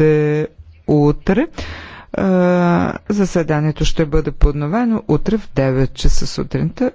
още утре. Заседанието ще бъде подновено утре в 9 часа сутринта.